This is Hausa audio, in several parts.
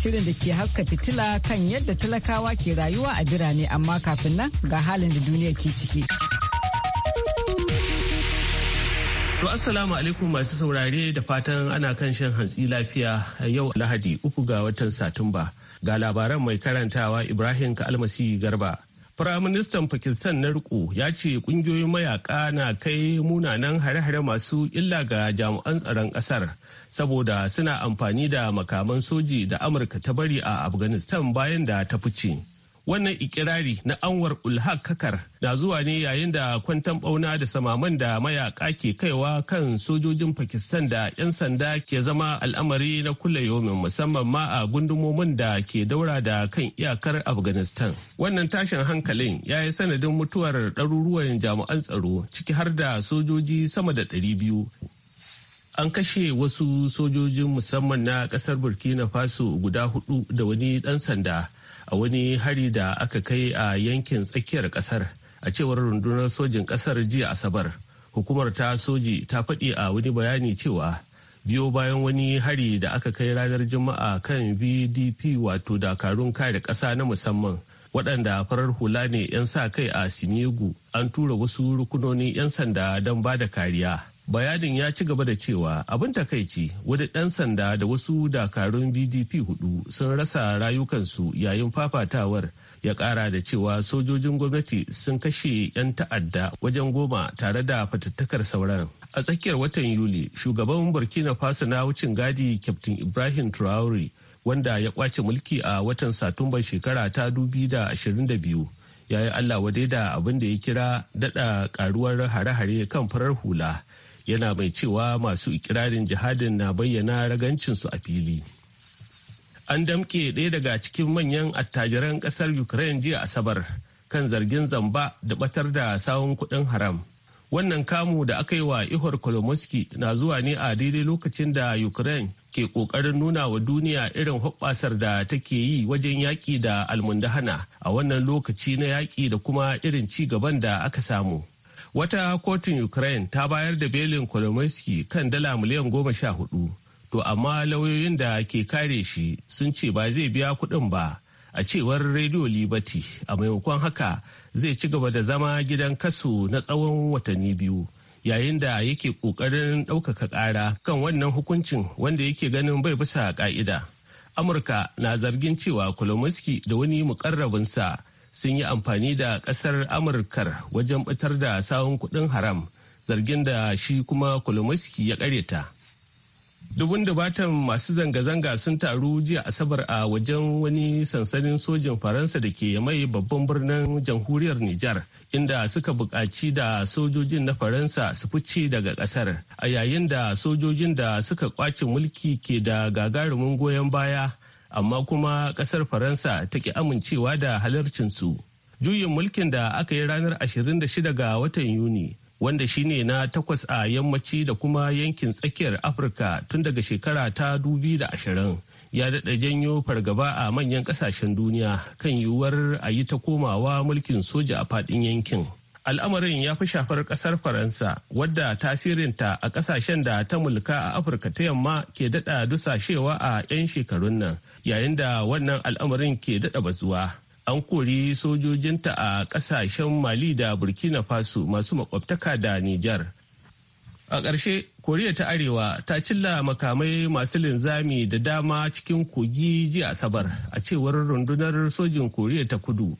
shirin da ke haska fitila kan yadda talakawa ke rayuwa a birane amma kafin nan ga halin da duniya ke ciki. To assalamu alaikum masu saurare da fatan ana kan shan hantsi lafiya yau lahadi uku ga watan satumba ga labaran mai karantawa Ibrahim Kalmasi Garba. Firaministan Pakistan na riko ya ce kungiyoyin mayaka na kai munanan hare-hare masu illa ga jami'an tsaron ƙasar saboda suna amfani da makaman soji da Amurka ta bari a Afghanistan bayan da ta fice. wannan ikirari na anwar ulhaq kakar na zuwa ne yayin da kwantan bauna da samaman da mayaka ke kaiwa kan sojojin pakistan da 'yan sanda ke zama al'amari na kula yomin musamman ma a gundumomin da ke daura da kan iyakar afghanistan wannan tashin hankalin ya yi sanadin mutuwar ɗaruruwan jami'an tsaro ciki har da sojoji sama da ɗari biyu. an kashe wasu sojojin musamman na ƙasar burkina faso guda hudu da wani ɗan sanda a wani hari da aka kai a yankin tsakiyar kasar a cewar rundunar sojin kasar jiya asabar hukumar ta soji ta faɗi a wani bayani cewa biyo bayan wani hari da aka kai ranar juma'a kan vdp wato dakarun kare ƙasa na musamman waɗanda farar hula ne 'yan sa kai a sinigu an tura wasu rukunoni 'yan sanda don ba da kariya bayanin ya ci gaba da cewa abin takaici wani ɗan sanda da wasu dakarun bdp hudu sun rasa rayukansu yayin fafatawar ya ƙara da cewa sojojin gwamnati sun kashe 'yan ta'adda wajen goma tare da fatattakar sauran a tsakiyar watan yuli shugaban burkina faso na wucin gadi captain ibrahim traore wanda ya kwace mulki a watan satumba shekara ta biyu. ya yi Allah wadai da abin da ya kira dada karuwar hare-hare kan farar hula yana mai cewa masu ikirarin jihadin na bayyana ragancinsu a fili. An damke ɗaya daga cikin manyan attajiran ƙasar Ukraine jiya Asabar kan zargin zamba da batar da sawun kuɗin haram. Wannan kamu da aka yi wa Ihor Kolomoski na zuwa ne a daidai lokacin da Ukraine ke ƙoƙarin nuna wa duniya irin hoɓɓasar da take yi wajen yaƙi da almundahana a wannan lokaci na yaƙi da kuma irin ci gaban da aka samu. Wata kotun Ukraine ta bayar da belin Kolomoisky kan dala miliyan goma sha hudu, to amma lauyoyin da ke kare shi sun ce ba zai biya kuɗin ba a cewar rediyo Liberty a maimakon haka zai ci gaba da zama gidan kaso na tsawon watanni biyu. yayin da yake ƙoƙarin ɗaukaka ƙara kan wannan hukuncin wanda yake ganin bai bisa ƙa'ida. Amurka na zargin cewa Kolomoski da wani mukarrabinsa sun yi amfani da kasar amurkar wajen batar da sawun kudin haram zargin da shi kuma kolomoski ya karyata dubun dubatan masu zanga-zanga sun taru jiya asabar a wajen wani sansanin sojin faransa da ke mai babban birnin jamhuriyar nijar inda suka buƙaci da sojojin na faransa su fice daga ƙasar a yayin da sojojin da suka kwace mulki ke da gagarumin goyon baya amma kuma kasar faransa ta ki amincewa da halarcinsu juyin mulkin da aka yi ranar 26 ga watan yuni wanda shine na takwas a yammaci da kuma yankin tsakiyar afirka tun daga shekara ta dubi da ashirin ya daɗa janyo fargaba a manyan ƙasashen duniya kan yiwuwar a yi ta komawa mulkin soja a faɗin yankin al'amarin ya fi shafar kasar faransa wadda tasirinta a kasashen da ta mulka a afirka ta yamma ke dada dusashewa a 'yan shekarun nan yayin da wannan al'amarin ke dada bazuwa an kori sojojinta a kasashen mali da burkina faso masu makwabtaka da nijar a ƙarshe koriya ta arewa ta cilla makamai masu linzami da dama cikin kogi jiya asabar a cewar rundunar sojin koriya ta kudu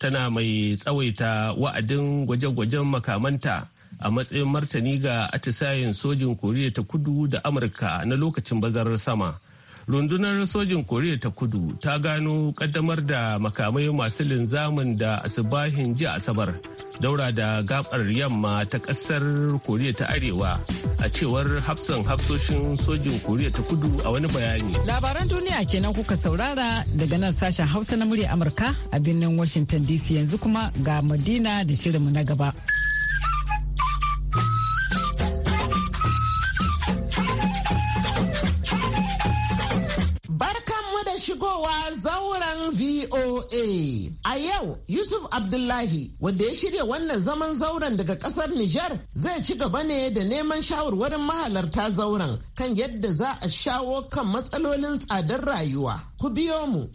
tana mai tsawaita wa'adin gwaje-gwajen makamanta a matsayin martani ga atisayen sojin koriya ta kudu da amurka na lokacin bazarar sama rundunar sojin koriya ta kudu ta gano kaddamar da makamai masu linzamin da asibahin ji asabar daura da gabar yamma ta kasar koriya ta arewa a cewar hafsan hafsoshin sojin koriya ta kudu a wani bayani labaran duniya kenan kuka saurara daga nan sashen hausa na murya amurka a birnin washington dc yanzu kuma ga madina da shirinmu na gaba VOA. A yau Yusuf Abdullahi wanda ya shirya wannan zaman zauren daga kasar Nijar zai ci gaba ne da neman shawarwarin mahalarta zauren kan yadda za a shawo kan matsalolin tsadar rayuwa. Ku biyo mu.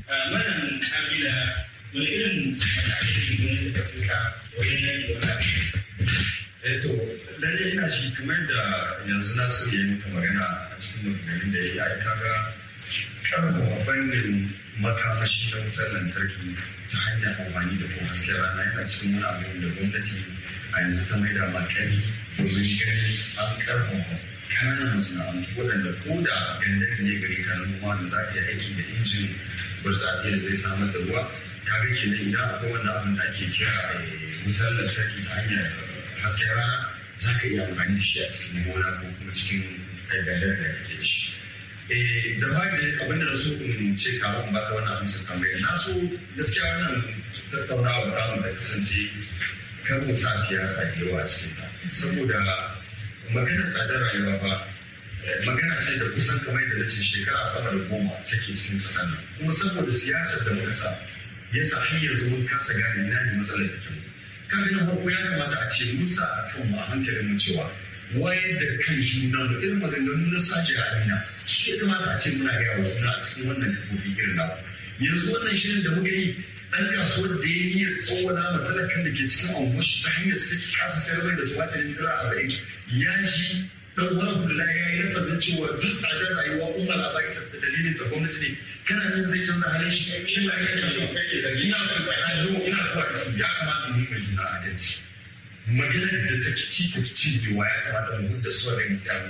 eto eh, eh, lalle ina shi kamar da yanzu na so ya yi maka magana a cikin maganganun da ya yi ga. kuma fannin makamashi na wutar lantarki ta hanyar amfani da kuma hasken rana yana cikin wani abu da gwamnati a yanzu ta mai da makari domin ganin an karfafa kananan masana'antu waɗanda ko da gandar ne gari ta noma da za ta aiki da injin burtsatse da zai samar da ruwa ta ga kenan idan akwai wanda abin da ake kira eh, wutar lantarki ta hanyar hasken rana za ka iya amfani da shi a cikin gona ko kuma cikin gandar da kake ci. Eh, da ba da abin da su in ce kawun ba ta wannan amsar tambayar. na so gaskiya wannan tattaunawa ta mu da kasance kan sa siyasa da yawa cikin ta saboda magana tsadar rayuwa ba eh, magana ce da kusan kamar da nace shekara sama da goma take cikin kasar nan kuma saboda siyasar da muka sa yasa har yanzu mun kasa gane ina ne matsalar da kan na farko ya kamata a ce mun sa a mu a hankalin mu cewa wayar da kan juna da irin maganganu na sace a duniya shi ya kamata a ce muna gaya wa suna a cikin wannan kafofi irin yanzu wannan shirin da muka yi ɗan kasuwar da ya yi tsawona ma talakan da ke cikin anguwashi ta hanyar suke kasa sayarwar da tumatir ne a arba'in ya ji dan wani kula ya yi zan cewa duk tsadar rayuwa umar a bai da dalilin da gwamnati ne kana nan zai canza halin shi shi ma ya yi kasuwa kai zargi ina son tsakanin ina da isu ya kamata mu yi mai juna adalci maganar da ta ci ta ci da wa ya kamata mu da su ne mu samu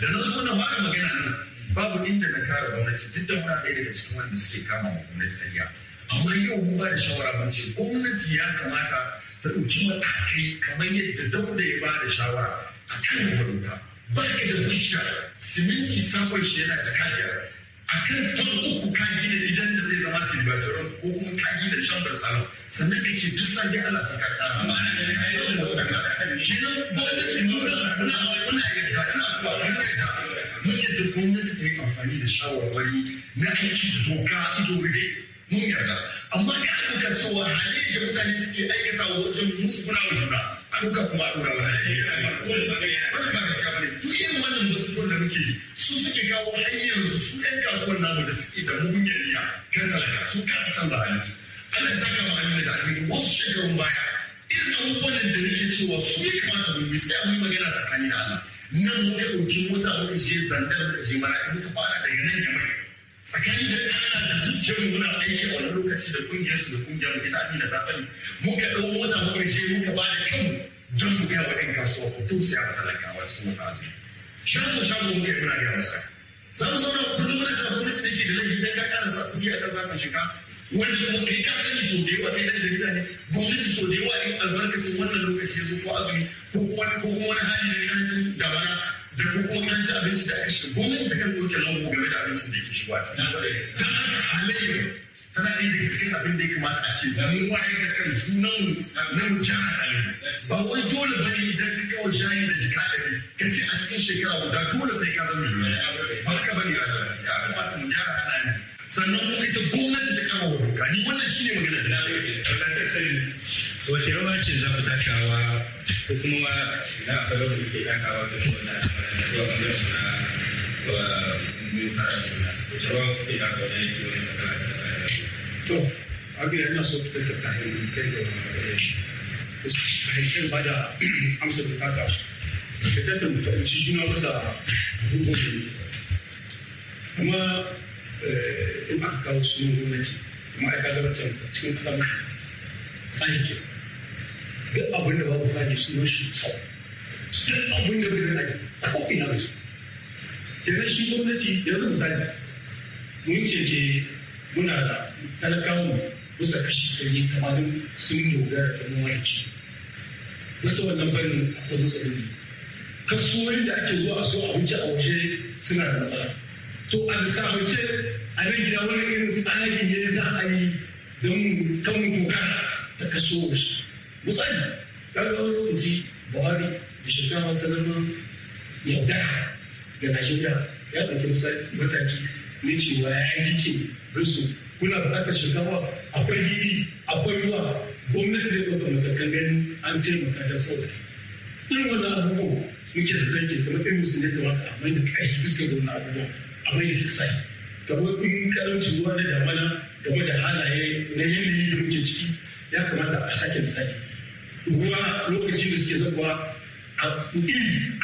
da na so na fara magana nan babu inda na kare gwamnati duk da muna ɗaya daga cikin wanda suke kama wa gwamnati tariya amma yau mu ba da shawara mun ce gwamnati ya kamata ta ɗauki matakai kamar yadda dauda ya ba da shawara a kan gwamnati ba ka da bishiya siminti sabon shi yana jaka biyar akan kan uku ka gina gidan da zai zama silibatorin ko kuma ka gina chamber salon sannan ka ce duk sage ala sai ka kara amma ana ganin ai dole da suka kara shi na gwamnati su na muna muna yadda ina so a kan ta mun yadda gwamnati ta yi amfani da shawarwari na aiki da doka ido rufe mun yarda amma ka ɗauka cewa halayyar da mutane suke aikata wajen musu wa juna duka kuma a ɗora duk irin wannan batutuwan da muke su suke kawo hanyar su ɗan kasuwar namu da suke da mugunyar riya kan talaka su kasa canza halinsu ana saka ma hannun da alheri wasu shekarun baya irin abubuwan da nake cewa su ya kamata mu yi sai a yi magana tsakanin da Allah nan muka ɗauki mota muka je zandar muka je mara muka fara daga nan yamai tsakanin da ɗan da zuciyar mu muna aiki a wani lokaci da ƙungiyar su da ƙungiyar mu ita Amina ta sani muka ɗau mota muka je muka ba da kanmu don mu gaya wa ɗan kasuwa ku tausaya wa talakawa cikin wata azumi. Shago shago muka yi muna gaya masa. Za mu zauna kullum muna cewa gwamnati da ke da laifi dan ka ƙara sa kuɗi a ƙasa ka shiga wanda kuma kai ka sani sau da yawa kai dan jarida ne gwamnati sau da yawa in albarkacin wannan lokaci ya zo ko azumi ko kuma wani hali na karancin damana da kuma ci abinci da aka shiga gwamnati ta kan doke lango game da abincin da ke shiga cikin nasa tana da halayyar tana ɗaya daga cikin abin da ya kamata a ce da mu wayar da kan sunan na mu a haɗari ba wai dole ba ne idan ka kawai shayi da jika ɗari ka ce a cikin shekara guda dole sai ka zama mai ba haka ba ne ya kamata mu gyara halayen sannan kuma ita gwamnati ta kama wa doka ni wannan shi ne magana da na ɗaya wace rawa ce za ku takawa ko kuma na akwai rawa da ke takawa da shi wannan asibitin da zuwa ɓangaren su na biyu fara suna wace rawa ku ke takawa da yake wani matsala da ta to abin da ina so ku tattara tahiri kai da wani magana shi tahiri ba da amsa bukata ka tattara mutunci juna bisa hukumin kuma eh, in aka kawo sunan gwamnati kuma aka zama cikin ƙasa mafi tsayin duk abin da babu shi ne shi tsau duk abin da bai tsari ko ina bai yanzu shi gwamnati yanzu misali mun ce ke muna da talakawa bisa kashi ɗari tamanin sun dogara da mu da ci wasu wannan barin akwai ne Kasuwar da ake zuwa a so abinci a waje suna da matsala to a lissafance a nan gida wani irin tsari ne za a yi don kan doka ta kasuwar. shi misali kaga wani lokaci buhari da Shekara ta zama yarda da najeriya ya ɗauki mataki na cewa ya yi bisu kuna buƙatar shugaba akwai hili akwai ruwa gwamnati zai ɗauka matakan ganin an taimaka da saurari irin wannan abubuwan muke da zanki kuma irin musu ne da waka a mai da ƙarfi fuskar da wannan abubuwan a mai da hisai kamar in karanci ruwa na damana game da halaye na yanayi da muke ciki ya kamata a sake misali ruwa lokacin da suke zakuwa a iri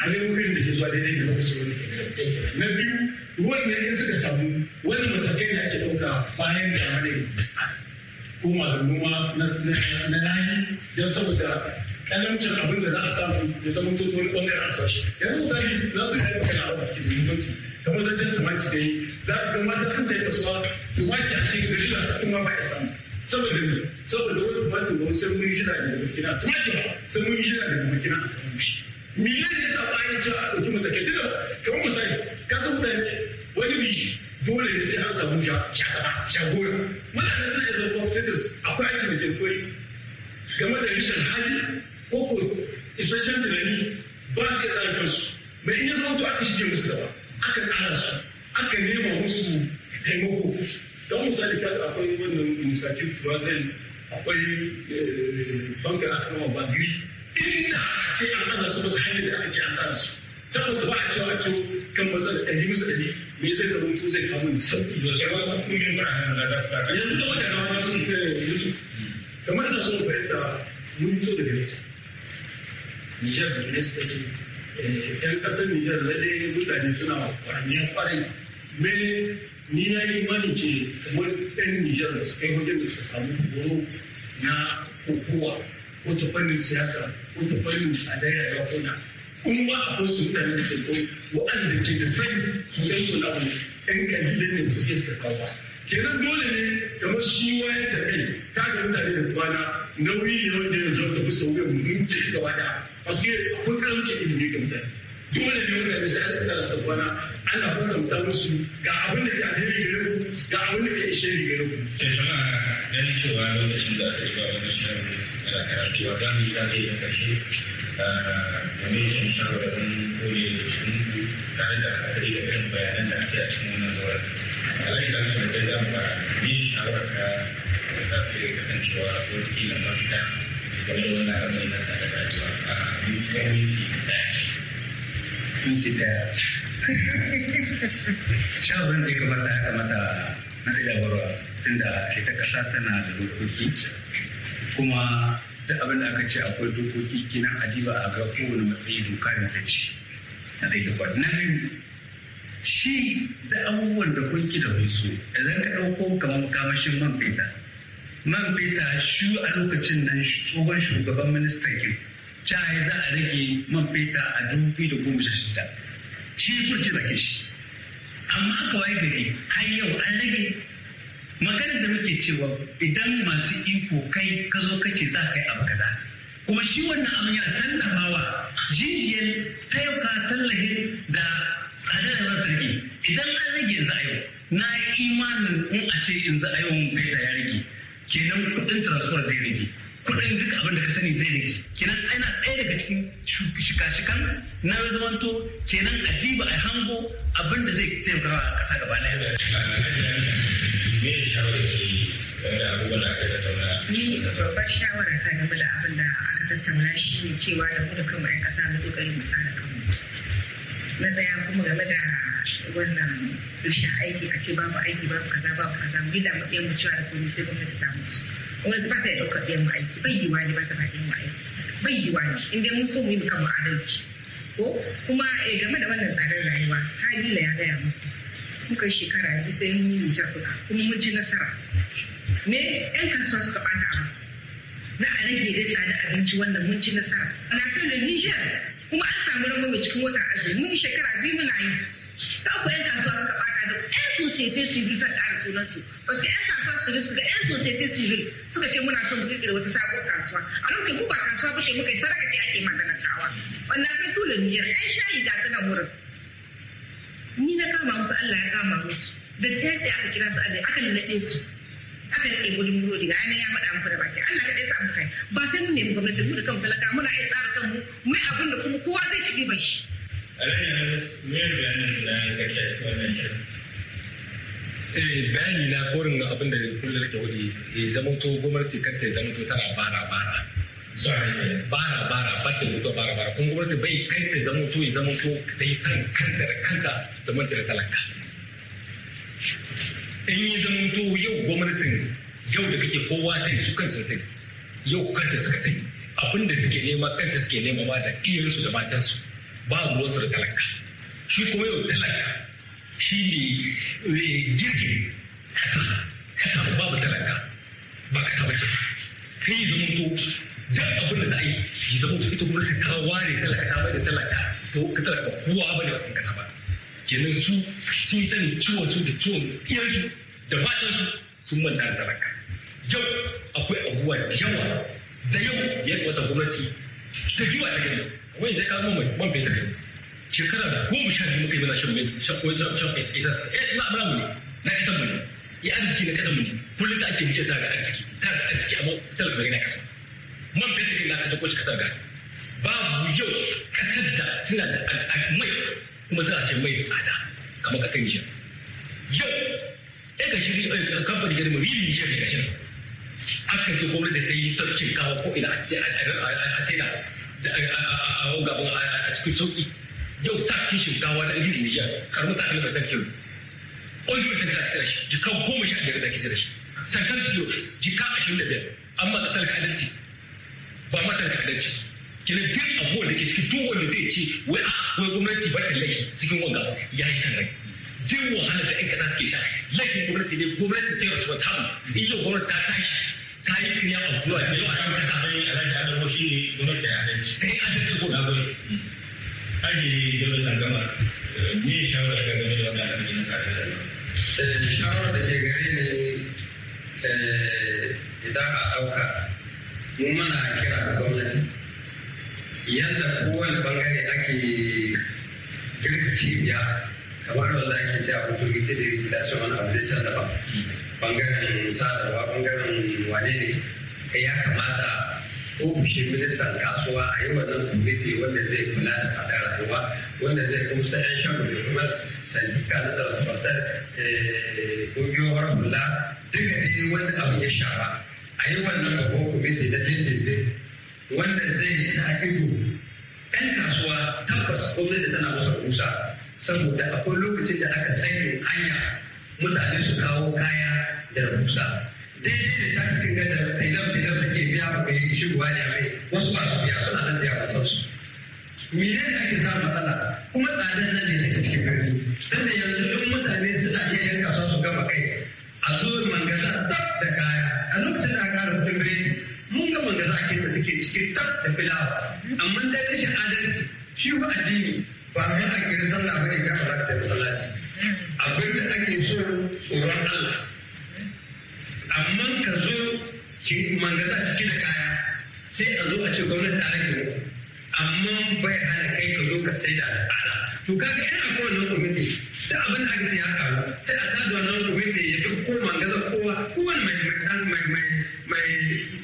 a nemo irin da ke zuwa daidai da lokacin wani na biyu ruwan ne in suka samu wani matakai da ake ɗauka bayan da rane koma da noma na layi don saboda kalamcin abin da za a samu ya zama to ɓangare a sashi yanzu misali za su yi magana a wasu muhimmanci kamar zancen tumaki da yi za ka ga mata sun da yi kasuwa tumaki a cikin da su kuma ba ya samu saboda ne saboda wani tumatir wani sai mun jira da burkina tumatir sai mun jira da burkina a kan mushi milan ne sa bayan cewa a ɗauki matakai tunda kamar misali ka san mutane wani bi dole ne sai an samu ja ja gaba ja goma mutane suna iya zama status akwai aiki da ke koyi game da rashin hali ko ko isasshen tunani ba su iya tsara kansu mai in ya zama to aka shige musu gaba aka tsara su aka nema musu taimako don misali da akwai wannan initiative tuwazel akwai eh, banka a kan wa bagiri inda ce an aza su masu hanyar da aka ce an tsara su ta ba a cewa a ce kan masa da ɗari bisa ɗari me zai kama to zai kama da sauƙi da kungiyar ba a hanyar da za ta yanzu da wata na wani yanzu kamar ina fahimta mun to daga nesa Nijar da 'yan eh, ƙasar Nijar mutane suna ƙwarai me ni ya yi mani ke wadan nijar da suka yi wajen da suka samu horo na kokowa ko ta fannin siyasa ko ta fannin tsadar rayuwa ko na in ba a su mutane da ke ko waɗanda ke da su sai su na wani ɗan kalilan ne ba su suka kawo kenan dole ne kamar shi wayar da kai ta ga mutane da kwana nauyi ne wanda ya zauta bisa wuyan mutu gaba da paske akwai karamci ilimi ga mutane dole ne ya sai ta tsara kwana ana faranta musu ga abin da ke alheri gare ku ga abin da ke ishe ni gare ku. Sai sama ganin cewa lokacin da aka yi ba wani shan karatu a kan yi kare da kashe domin yin shawarwarin kore da cikin tare da haɗari da irin bayanan da ake a cikin wannan zuwa. Alaisa mutum da za mu ba ni shawarar ka da za ka iya kasancewa ko kila mafita game da wannan ramai na sa da rayuwa a ah, mutane minti ɗaya. Minti ɗaya. shawarar da ya kamata ya kamata na jagorawa tunda ita kasa tana da dokoki kuma duk abin da aka ce akwai dokoki kinan adiba a ga kowane matsayi doka da ta ce na ɗaya da kwad na biyu shi da abubuwan da kun da wasu idan ka ɗauko kamar kamashin man feta man feta shi a lokacin nan tsohon shugaban ministan kin ta za a rage man feta a dubu biyu da goma sha shida shi kurce da kishi amma aka waye gari har yau an rage magana da muke cewa idan masu iko kai ka zo kace za ka yi abu kaza kuma shi wannan abin yana tallafawa jijiyar ka tallahin da tsadar da lantarki idan an rage yanzu a yau na imanin in a ce yanzu a yau kai da ya rage kenan kuɗin transfer zai rage kudin duk abin da ka sani zai rage kenan ana ɗaya daga cikin shika-shikan na zamanto kenan a diba a hango abin da zai taimaka a ƙasa gaba na shawarar game da abubuwan da aka Ni babbar shawara ta game da abin da aka tattauna shi ne cewa da mu da kanmu 'yan ƙasa na ƙoƙarin mu tsara kanmu. Na tsaya kuma game da wannan rashin aiki a ce babu aiki babu kaza babu kaza mu yi da mu cewa da komai sai gwamnati ta musu. wai ba ta ɗaukar ɗayan mu aiki bai yiwa ne ba ta ɗayan mu aiki bai yiwa ne in dai mun so mu yi kan adalci ko kuma eh game da wannan tsadar rayuwa halila ya gaya muku muka shekara yanzu sai mun yi nijar kuɗa kuma mun ci nasara me yan kasuwa suka ɓata ba na a rage dai tsada abinci wannan mun ci nasara na kai da nijar kuma an samu rangwame cikin wata azumi mun shekara biyu muna yi ta ku yan kasuwa suka bata da yan societe civil zan ƙara sunan su wasu yan kasuwa civil suka yan societe civil suka ce muna son mu da wata sabuwar kasuwa a lokacin ku ba kasuwa ba ce muka yi sadaka ce ake magana kawa wannan kai tula Nijar yan shayi ga tana wurin ni na kama musu Allah ya kama musu da tsaye aka kira su Allah aka lullaɗe su aka rike gudun muro daga ranar ya faɗa muku da baki Allah kadai sa muka ba sai mu nemi gwamnati mu da kan talaka muna iya tsara kanmu mai abin da kuma kowa zai ci ba shi bayani na korin abin da kullum ke wuri ya zama to gwamnati kanta ya zama to tana bara bara bara bara ba ta mutu bara bara kun gwamnati bai kanta ya zama to ya zama to ta yi san kanta da kanta da manta da talaka in yi zama to yau gwamnatin yau da kake kowa sai su kansu sai yau kanta suka sai abin da suke nema kanta suke nema ma da iyayensu da matansu ba ruwansu da talaka shi kuma yau talaka shi ne girgin kasa kasa babu talaka ba kasa ba kai zama to duk abin da za a yi shi zama to ita gwamnati ta ware talaka ta bai da talaka to ka talaka kowa ba ne wasan kasa ba kenan su sun sani ciwon su da ciwon iyansu da su sun manta da talaka yau akwai abubuwa da yawa da yau ya wata gwamnati ta giwa ta gani wai da kawo mai man fetur ne shekara goma sha biyu muka yi mana shan mai shan isa eh na mu ne na kasan mu ne ya arziki na kasan mu ne kullum ta ake wuce ta ga arziki ta ga arziki amma talaka na kasa man fetur na kasa ko shi kasa ga babu yau kasar da suna da mai kuma za a ce mai tsada kamar kasar Nijar. Yau, ya ga shi kamfani ya mu rin Nijar ya ga shi Aka ce gwamnati ta yi tarkin kawo ko ina a sai da a gaban a cikin sauki yau sa kishin gawa da irin nijar karmu sa ɗaya basar kilo ƙwallo sai za ki tara shi jikan goma sha biyar za ki tara shi sankan kilo jika ashirin da biyar amma da talaka adalci ba ma talaka adalci kina duk abubuwan da ke cikin duk wanda zai ce wai a wai gwamnati ba ta laifi cikin wanga ya yi san rai duk wahalar da 'yan kasa ke sha laifin gwamnati ne gwamnati ce rasu wata in yau gwamnati ta tashi ta ya auku a yau a yau ta sabai a rage adabo shi ne gwamnati da yare ta yi adalci ko na gwai aji ake ta gama ne shawara ga game da wanda aka gina sadar da shawara da ke gari ne idan a ɗauka mu mana kira ga gwamnati yadda kowane bangare ake girki ya kamar wanda ake ta hutu ta da ya fi dace wani abu da can daban bangaren sadarwa bangaren wane ne ya kamata ofishin ministan kasuwa a yi wannan kwamiti wanda zai kula da fadar rayuwa wanda zai kusa yan shan da kuma sandika na zarfatar eh, ƙungiyoyin hula duka ne wani abu ya shara a yi wannan babban kwamiti na dindindin wanda zai sa ido ɗan kasuwa tabbas gwamnati tana masa kusa saboda akwai lokacin da aka sanya hanya mutane su kawo kaya da rusa daidai da taksikin ga da filan da take biya ba mai shigowa ne mai wasu ba su biya suna nan da ya su mene ne ake samun matsala kuma tsadar nan ne daga cikin birni don da yanzu in mutane suna iya kasuwa su gama kai a zo mangaza tab da kaya a lokacin da aka kara mutum mun ga mangaza ake da suke cikin tab da filawa amma dai rashin adalci shi ba addini ba mai a sallah bane ga ba za ka masallaci. abin da ake so tsoron Allah amma ka zo mangaza ciki da kaya sai a zo a ce gwamnati ta rage amma bai hana kai ka zo ka sai da tsada to ka ga yana ko wannan kwamiti da abin da ake ya karu sai a tada wannan kwamiti ya fi ko mangaza kowa kowane mai mai mai mai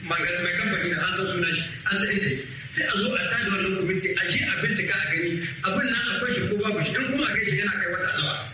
mangaza mai kamfani da an san suna shi an san inda sai a zo a tada wannan kwamiti a shi abin bincika a gani abin nan akwai shi ko babu shi in kuma a gaishe yana kai wata alawa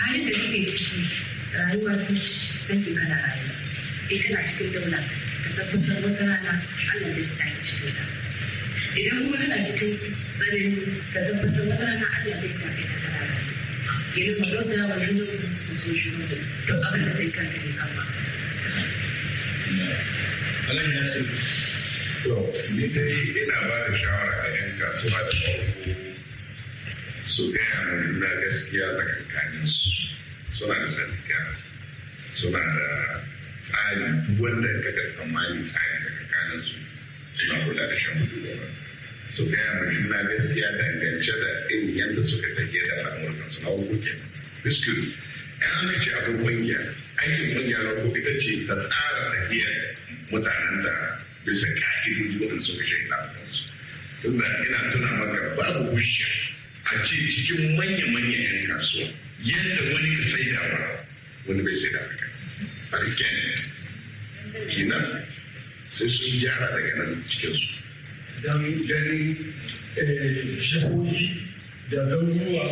halin da kake ciki rayuwa ta ci nake kana rayuwa sai kana cikin daula ka tabbatar wata rana Allah zai ta yi cikin ta idan kuma kana cikin tsanani ka tabbatar wata rana Allah zai ta yi cikin ta yanzu mu dausa wa juna mu so shi mu to abin da kai kanka ne kama Allah ya sani to ni dai ina ba da shawara a yan kasuwa da su gaya ma juna gaskiya tsakankanin su suna da sadiga suna da tsari wanda kaga tsammani tsari tsakankanin su suna kula da shan su gaya ma juna gaskiya dangance da irin yadda suka tafiye da al'amurkan suna hukukin biskiri yan aka ce abin kungiya aikin kungiya na kuma ita ce ta tsara tafiyar mutanen da bisa ka'idodi waɗanda suka shaida a kansu tunda ina tuna maka babu hujja a ce cikin manya-manyan 'yan kasuwa yadda wani ka sai da ba wani bai sai da ba a gaskiya ne kina sai sun gyara daga nan cikin su don ganin jihohi eh, da garuruwa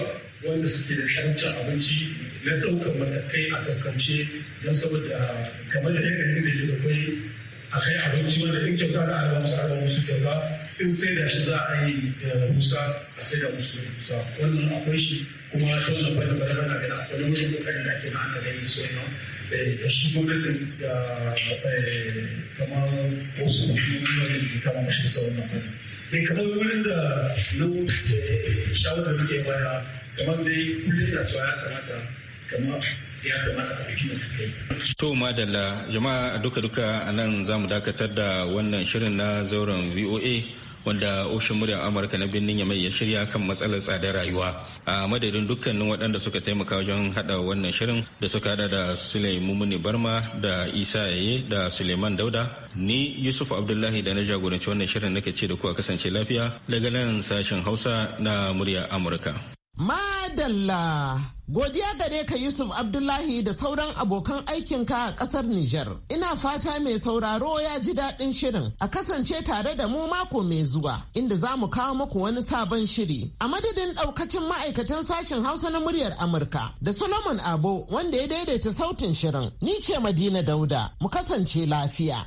wanda suke da shanta abinci na ɗaukar matakai a ɗaukance don saboda kamar da yanayin da ke da kwai a kai abinci wanda in kyauta za a ba musu a su kyauta in sai da shi za a yi da eh, musa a sai da musu da musa wannan akwai shi kuma ta wannan bane bane bane gani akwai wani wajen kokarin da ake ma'ana da yin soyi da shi gwamnatin da eh, kamar wasu mutum da kama mashi sa wannan bane eh, dai kamar wurin da na shawarar da muke baya kamar dai kullum da cewa ya kamata kamar To madalla jama'a duka-duka a nan za mu dakatar da wannan shirin na zauren VOA wanda ofishin muryar amurka na birnin yamai ya shirya kan matsalar tsadar rayuwa a madadin dukkanin waɗanda suka taimaka wajen haɗa wannan shirin da suka haɗa da sulaimumuni barma da isa yaye da suleiman dauda ni yusuf abdullahi da na jagoranci wannan shirin nake ce da kuwa kasance lafiya daga nan sashen hausa na muryar amurka. dalla Godiya gare ka Yusuf Abdullahi da sauran abokan aikinka a kasar Nijar. Ina fata mai sauraro ya ji daɗin shirin a kasance tare da mu mako mai zuwa inda za mu kawo muku wani sabon shiri. A madadin ɗaukacin ma'aikatan sashen Hausa na muryar Amurka da Solomon Abo wanda ya daidaita sautin shirin. Ni ce Madina Dauda, mu kasance lafiya.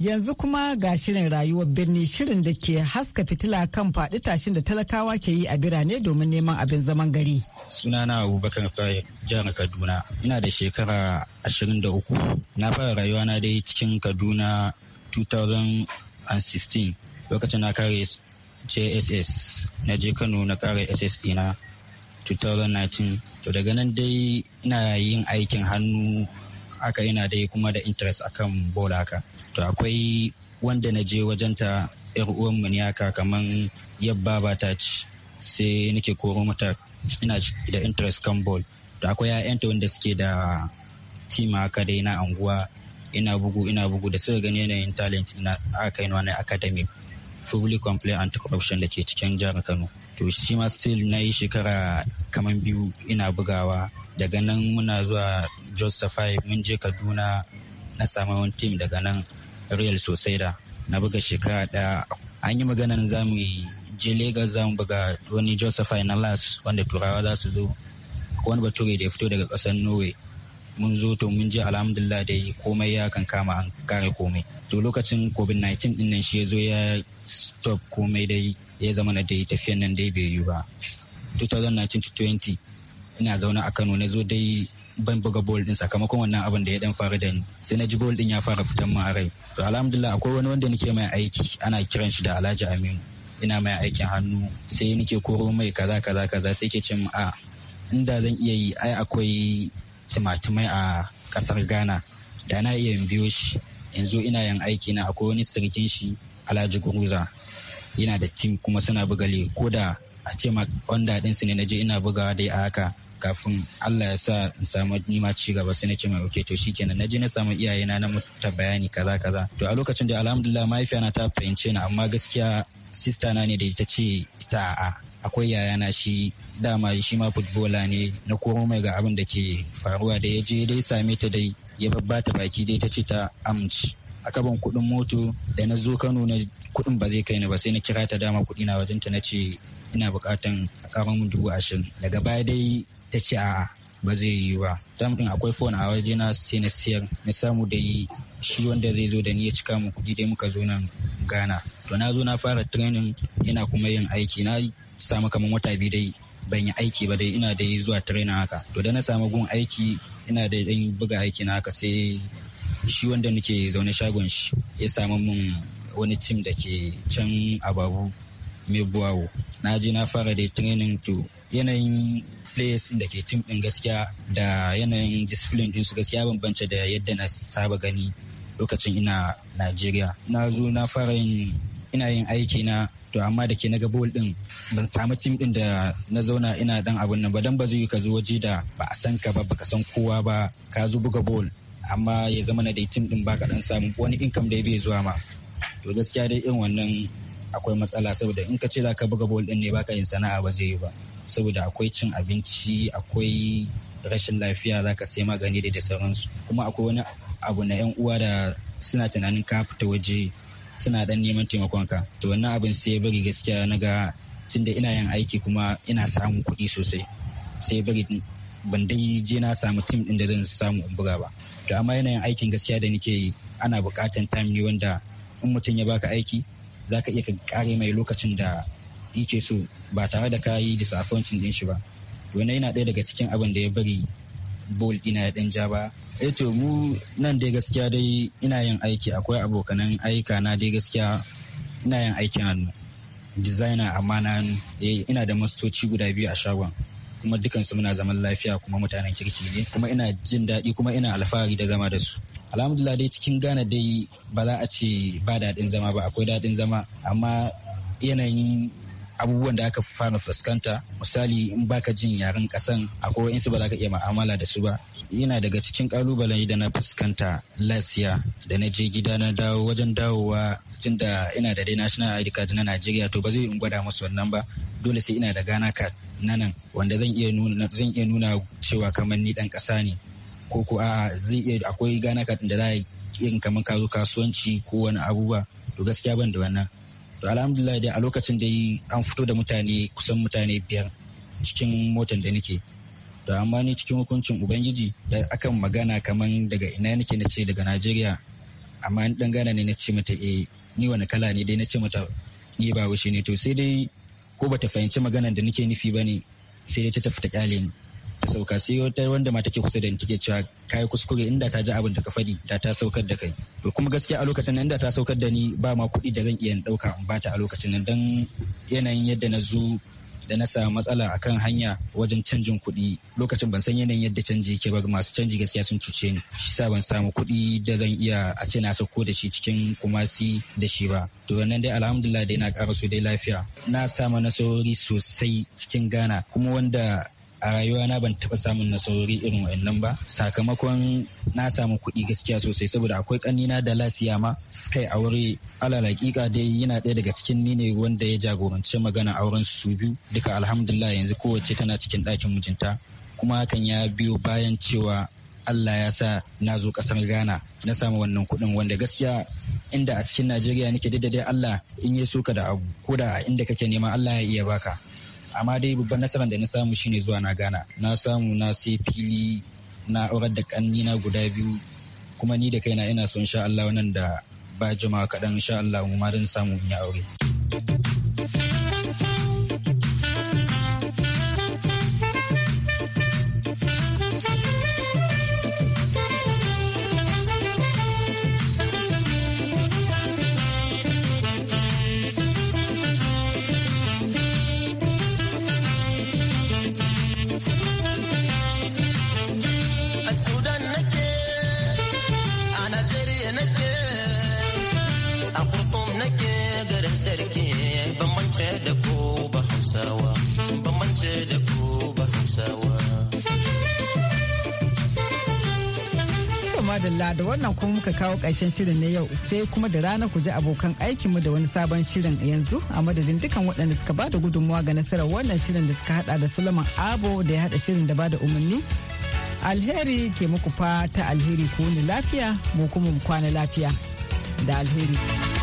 Yanzu kuma ga shirin rayuwar birni shirin da ke haska fitila kan faɗi tashin da talakawa ke yi a birane domin neman abin zaman gari. Sunana Abubakar Fahim jihar Kaduna. Ina da shekara 23. Na fara rayuwa na dai cikin Kaduna 2016 lokacin na kare JSS na je Kano na kare SS na 2019. To daga nan dai ina yin aikin hannu haka yana dai kuma da interest a kan bola haka to akwai wanda na je wajenta yar uwan mu ne haka kaman yabba ba ta ci sai nake koro mata ina da interest kan ball to akwai ya'yanta wanda suke da team haka dai na anguwa ina bugu ina bugu da suka gani yanayin talent ina aka yi wani academic public complaint anti corruption da ke cikin jihar Kano to shi ma still na yi shekara kamar biyu ina bugawa daga nan muna zuwa Joseph mun je Kaduna na samun wani team daga nan sosai da na buga shekara daya an yi maganan za mu je Lagos za mu buga wani Joseph na last wanda turawa za su zo ko wani bature da ya fito daga kasar Norway mun zo to mun je alhamdulillah dai komai ya kan kama an kare komai to lokacin covid-19 din nan shi ya zo ya stop komai dai ya zama na dai tafiyan nan dai bai yi ba 2019-20 ina zaune a kano na zo dai ban buga bol din sakamakon wannan abin da ya dan faru da ni sai na ji bol din ya fara fitan ma a rai to alhamdulillah akwai wani wanda nake mai aiki ana kiran shi da Alhaji Aminu ina mai aikin hannu sai nake koro mai kaza kaza kaza sai ke cin a ah, inda zan iya yi ai akwai timatimai a kasar Ghana da na iya biyo shi yanzu ina yin aiki na akwai wani sirkin shi Alhaji Guruza yana da tim kuma suna buga le ko da a ce ma wanda din su ne na je ina bugawa dai a haka kafin Allah ya sa in samu nima ci gaba sai na ce mai okay to shikenan na je na samu iyayena na ta bayani kaza kaza to a lokacin da alhamdulillah mahaifiyana ta fahimce ni amma gaskiya sista na ne da ita ce ita a akwai yayana shi dama shi ma futbola ne na koma mai ga abin da ke faruwa da ya je dai same ta dai ya babbata baki dai ta ce ta amince. a kuɗin moto da na zo Kano na kuɗin ba zai kai ni ba sai na kira ta dama kuɗi na wajen na ce ina buƙatan ƙarar mun dubu ashirin daga baya dai ta ce a'a ba zai yi ba tam din akwai fon a waje na sai na siyar na samu da shi wanda zai zo da ni ya cika mu kuɗi dai muka zo nan gana. to na zo na fara training ina kuma yin aiki na samu kamar wata biyu dai ban yi aiki ba dai ina da zuwa training haka to da na samu gun aiki ina da dan buga aiki na haka sai shi wanda nake zaune shagon shi ya samu mun wani tim da ke can ababu mai buwawo na je na fara da training to yanayin players da ke tim din gaskiya da yanayin discipline din su gaskiya bambance da yadda na saba gani lokacin ina Najeriya na zo na fara yin ina yin aiki na to amma da ke naga ga bol din ban samu tim din da na zauna ina dan abun nan ba dan ba zai ka zo waje da ba a san ka ba baka san kowa ba ka zo buga bol amma ya zama na dai tim din baka dan samu wani income da bai zuwa ma to gaskiya dai irin wannan akwai matsala saboda in ka ce za ka buga bol din ne baka yin sana'a ba zai yi ba saboda akwai cin abinci akwai rashin lafiya za ka sai magani da sauransu kuma akwai wani abu na yan uwa da suna tunanin ka fita waje suna dan neman taimakon ka to wannan abin sai ya bari gaskiya na ga tunda ina yin aiki kuma ina samun kuɗi sosai sai bari ban dai je na samu tim din da zan samu in buga ba to amma yanayin aikin gaskiya da nake yi ana bukatan time ne wanda in mutum ya baka aiki za ka iya ka kare mai lokacin da yake so ba tare da ka yi disaffirmancin din shi ba wani yana ɗaya daga cikin abin da ya bari bol ɗina ya ɗan ja ba eh to mu nan dai gaskiya dai ina yin aiki akwai abokanan aika na dai gaskiya ina yin aikin hannu designer amma na eh ina da mastoci guda biyu a shagon kuma dukansu muna zaman lafiya kuma mutanen kirki ne kuma ina jin daɗi kuma ina alfahari da zama da su alhamdulillah dai cikin ghana dai ba za a ce ba daɗin zama ba akwai daɗin zama amma yanayin abubuwan da aka fara fuskanta misali in baka jin yaren kasan akwai wa'insu ba za ka iya ma'amala da su ba yana daga cikin kalubalen da na fuskanta lasiya da na je gida na dawo wajen dawowa tun da ina da dai national id card na najeriya to ba zai in gwada musu wannan ba dole sai ina da ghana card na nan wanda zan iya nuna zan iya nuna cewa kamar ni dan kasa ne ko ko a zai iya akwai gana katin da za a yin kamar ka zo kasuwanci ko wani abubuwa to gaskiya ban da wannan to alhamdulillah dai a lokacin da an fito da mutane kusan mutane biyar cikin motan da nake to amma ni cikin hukuncin ubangiji da akan magana kamar daga ina nake na ce daga najeriya amma dan gana ne na ce mata eh ni wani kala ne dai na ce mata ni ba wuce ne to sai dai ko bata fahimci maganar da nake nufi ba ne sai ta tafi ta kyale ni ta sauka sai wata wanda ma take kusa da ni take cewa kai kuskure inda ta ji abin da ka faɗi da ta saukar da kai to kuma gaskiya a lokacin nan da ta saukar da ni ba ma kuɗi da zan iya ɗauka in bata a lokacin nan dan yanayin yadda na zo da na samu matsala a kan hanya wajen canjin kuɗi lokacin ban san yanayin yadda canji ke ba masu canji gaskiya sun cuce ni shi sa ban samu kuɗi da zan iya a ce na sauko da shi cikin kumasi da shi ba to wannan dai alhamdulillah dai na ƙara su dai lafiya na samu nasarori sosai cikin Ghana kuma wanda a rayuwa ban taɓa samun nasarori irin wa'annan ba sakamakon na samu kuɗi gaskiya sosai saboda akwai ƙannina da lasiya ma suka yi aure alal hakika dai yana ɗaya daga cikin ni ne wanda ya jagoranci magana auren su biyu duka alhamdulillah yanzu kowace tana cikin ɗakin mijinta kuma hakan ya biyo bayan cewa Allah ya sa na zo kasar Ghana na samu wannan kuɗin wanda gaskiya inda a cikin Najeriya nake da dai Allah in ya soka da abu ko da inda kake nema Allah ya iya baka amma dai babban nasarar da na samu shine zuwa na gana na samu na sai fili na aurar da kanni na guda biyu kuma ni da kaina ina son insha Allah nan da ba jama'a kaɗan insha Allah mu ma dan samu in yi aure. da wannan kuma muka kawo ƙarshen shirin na yau sai kuma da rana ku ji abokan aikinmu da wani sabon shirin yanzu a madadin dukan waɗanda suka bada gudunmawa ga nasarar wannan shirin da suka hada da Suleiman Abo da ya hada shirin da bada umarni. Alheri ke muku fata alheri ku ni lafiya mu kuma mu kwana lafiya da alheri.